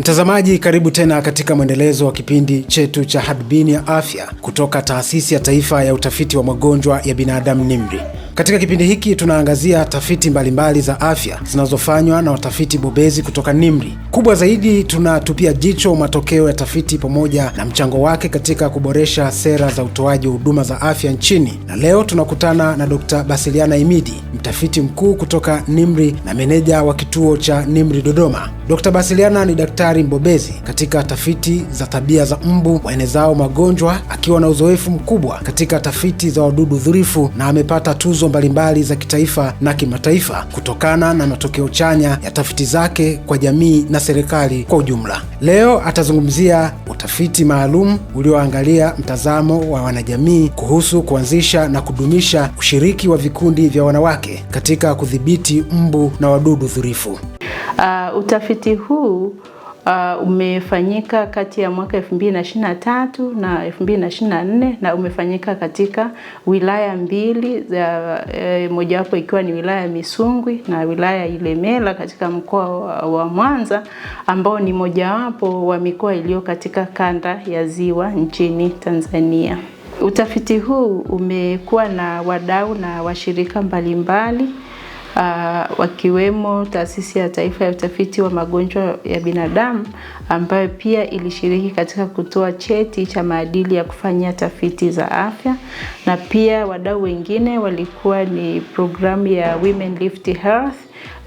Mtazamaji, karibu tena katika mwendelezo wa kipindi chetu cha Hadubini ya Afya kutoka Taasisi ya Taifa ya Utafiti wa Magonjwa ya Binadamu NIMRI. Katika kipindi hiki tunaangazia tafiti mbalimbali za afya zinazofanywa na watafiti bobezi kutoka NIMRI. Kubwa zaidi, tunatupia jicho matokeo ya tafiti pamoja na mchango wake katika kuboresha sera za utoaji wa huduma za afya nchini, na leo tunakutana na d Basiliana Imidi, mtafiti mkuu kutoka NIMRI na meneja wa kituo cha NIMRI Dodoma. Dr. Basiliana ni daktari mbobezi katika tafiti za tabia za mbu waenezao magonjwa, akiwa na uzoefu mkubwa katika tafiti za wadudu dhurifu na amepata tuzo mbalimbali za kitaifa na kimataifa kutokana na matokeo chanya ya tafiti zake kwa jamii na serikali kwa ujumla. Leo atazungumzia utafiti maalum ulioangalia mtazamo wa wanajamii kuhusu kuanzisha na kudumisha ushiriki wa vikundi vya wanawake katika kudhibiti mbu na wadudu dhurifu. Uh, utafiti huu uh, umefanyika kati ya mwaka 2023 na 2024 na umefanyika katika wilaya mbili za e, mojawapo ikiwa ni wilaya ya Misungwi na wilaya ya Ilemela katika mkoa wa Mwanza ambao ni mojawapo wa mikoa iliyo katika kanda ya Ziwa nchini Tanzania. Utafiti huu umekuwa na wadau na washirika mbalimbali mbali uh, wakiwemo Taasisi ya Taifa ya Utafiti wa Magonjwa ya Binadamu ambayo pia ilishiriki katika kutoa cheti cha maadili ya kufanya tafiti za afya, na pia wadau wengine walikuwa ni programu ya Women Lift Health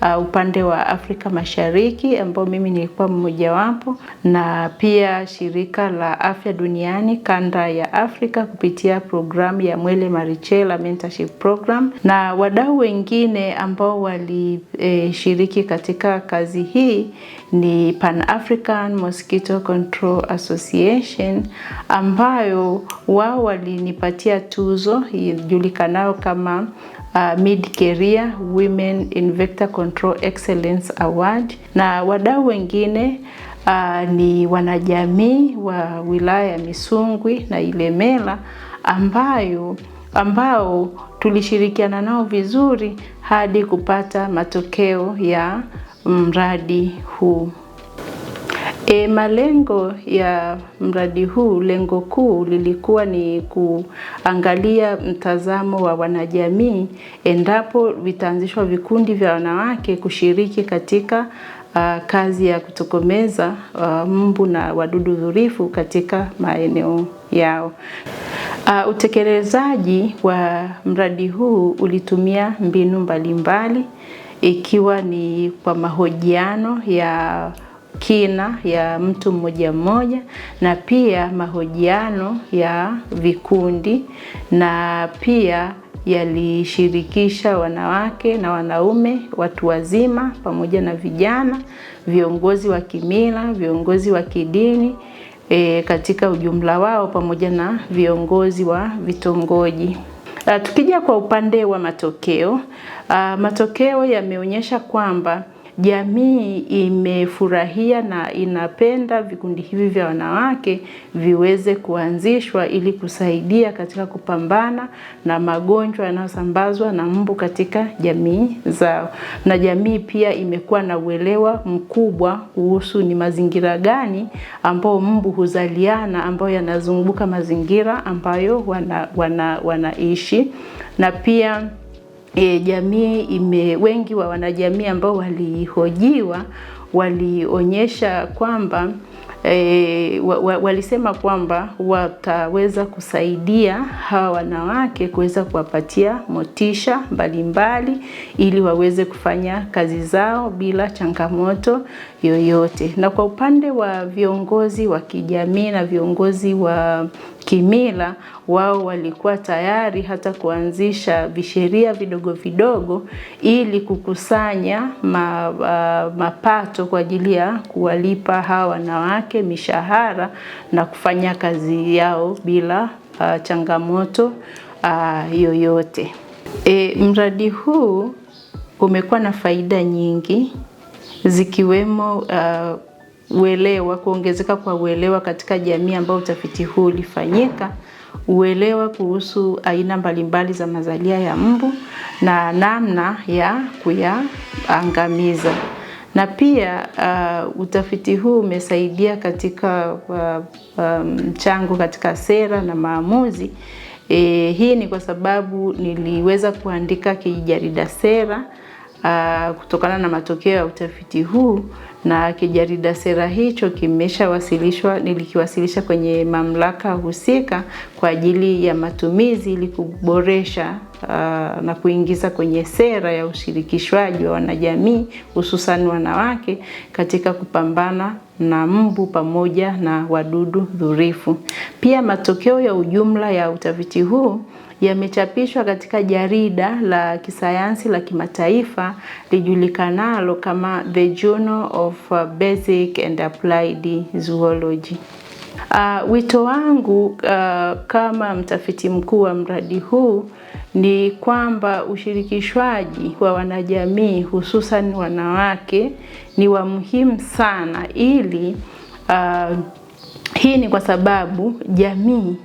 uh, upande wa Afrika Mashariki ambao mimi nilikuwa mmojawapo, na pia shirika la afya duniani kanda ya Afrika kupitia programu ya Mwele Marichela Mentorship Program, na wadau wengine ambao walishiriki eh, katika kazi hii ni Pan African Mosquito Control Association ambayo wao walinipatia tuzo ijulikanayo kama uh, Mid Career Women in Vector Control Control Excellence Award na wadau wengine uh, ni wanajamii wa wilaya ya Misungwi na Ilemela ambayo ambao tulishirikiana nao vizuri hadi kupata matokeo ya mradi huu. E, malengo ya mradi huu, lengo kuu lilikuwa ni kuangalia mtazamo wa wanajamii endapo vitaanzishwa vikundi vya wanawake kushiriki katika Uh, kazi ya kutokomeza uh, mbu na wadudu dhurifu katika maeneo yao. Uh, utekelezaji wa mradi huu ulitumia mbinu mbalimbali mbali, ikiwa ni kwa mahojiano ya kina ya mtu mmoja mmoja na pia mahojiano ya vikundi na pia yalishirikisha wanawake na wanaume, watu wazima pamoja na vijana, viongozi wa kimila, viongozi wa kidini e, katika ujumla wao pamoja na viongozi wa vitongoji. A, tukija kwa upande wa matokeo, a, matokeo yameonyesha kwamba jamii imefurahia na inapenda vikundi hivi vya wanawake viweze kuanzishwa ili kusaidia katika kupambana na magonjwa yanayosambazwa na mbu katika jamii zao. Na jamii pia imekuwa na uelewa mkubwa kuhusu ni mazingira gani ambao mbu huzaliana ambayo yanazunguka mazingira ambayo wanaishi wana, wana na pia e, jamii ime wengi wa wanajamii ambao walihojiwa walionyesha kwamba E, wa, wa, walisema kwamba wataweza kusaidia hawa wanawake kuweza kuwapatia motisha mbalimbali mbali, ili waweze kufanya kazi zao bila changamoto yoyote. Na kwa upande wa viongozi wa kijamii na viongozi wa kimila wao walikuwa tayari hata kuanzisha visheria vidogo vidogo ili kukusanya ma, uh, mapato kwa ajili ya kuwalipa hawa wanawake mishahara na kufanya kazi yao bila uh, changamoto uh, yoyote. E, mradi huu umekuwa na faida nyingi zikiwemo uh, uelewa, kuongezeka kwa uelewa katika jamii ambayo utafiti huu ulifanyika, uelewa kuhusu aina mbalimbali za mazalia ya mbu na namna ya kuyaangamiza na pia uh, utafiti huu umesaidia katika mchango uh, um, katika sera na maamuzi. E, hii ni kwa sababu niliweza kuandika kijarida sera uh, kutokana na matokeo ya utafiti huu na kijarida sera hicho kimeshawasilishwa, nilikiwasilisha kwenye mamlaka husika kwa ajili ya matumizi ili kuboresha uh, na kuingiza kwenye sera ya ushirikishwaji wa wanajamii hususan wanawake katika kupambana na mbu pamoja na wadudu dhurifu. Pia matokeo ya ujumla ya utafiti huu yamechapishwa katika jarida la kisayansi la kimataifa lijulikanalo kama The Journal of Basic and Applied Zoology. Uh, wito wangu uh, kama mtafiti mkuu wa mradi huu ni kwamba ushirikishwaji wa wanajamii hususan wanawake ni wa muhimu sana ili uh, hii ni kwa sababu jamii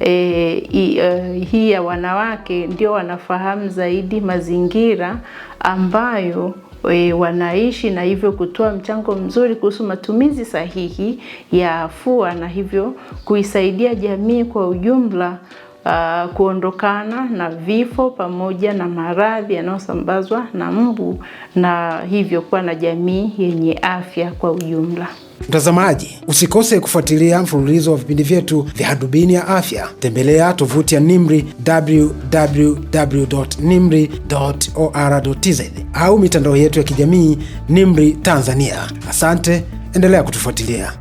e, e, hii ya wanawake ndio wanafahamu zaidi mazingira ambayo e, wanaishi na hivyo kutoa mchango mzuri kuhusu matumizi sahihi ya afua na hivyo kuisaidia jamii kwa ujumla uh, kuondokana na vifo pamoja na maradhi yanayosambazwa na mbu na hivyo kuwa na jamii yenye afya kwa ujumla. Mtazamaji, usikose kufuatilia mfululizo wa vipindi vyetu vya Hadubini ya Afya. Tembelea tovuti ya NIMR www.nimr.or.tz au mitandao yetu ya kijamii NIMRI Tanzania. Asante, endelea kutufuatilia.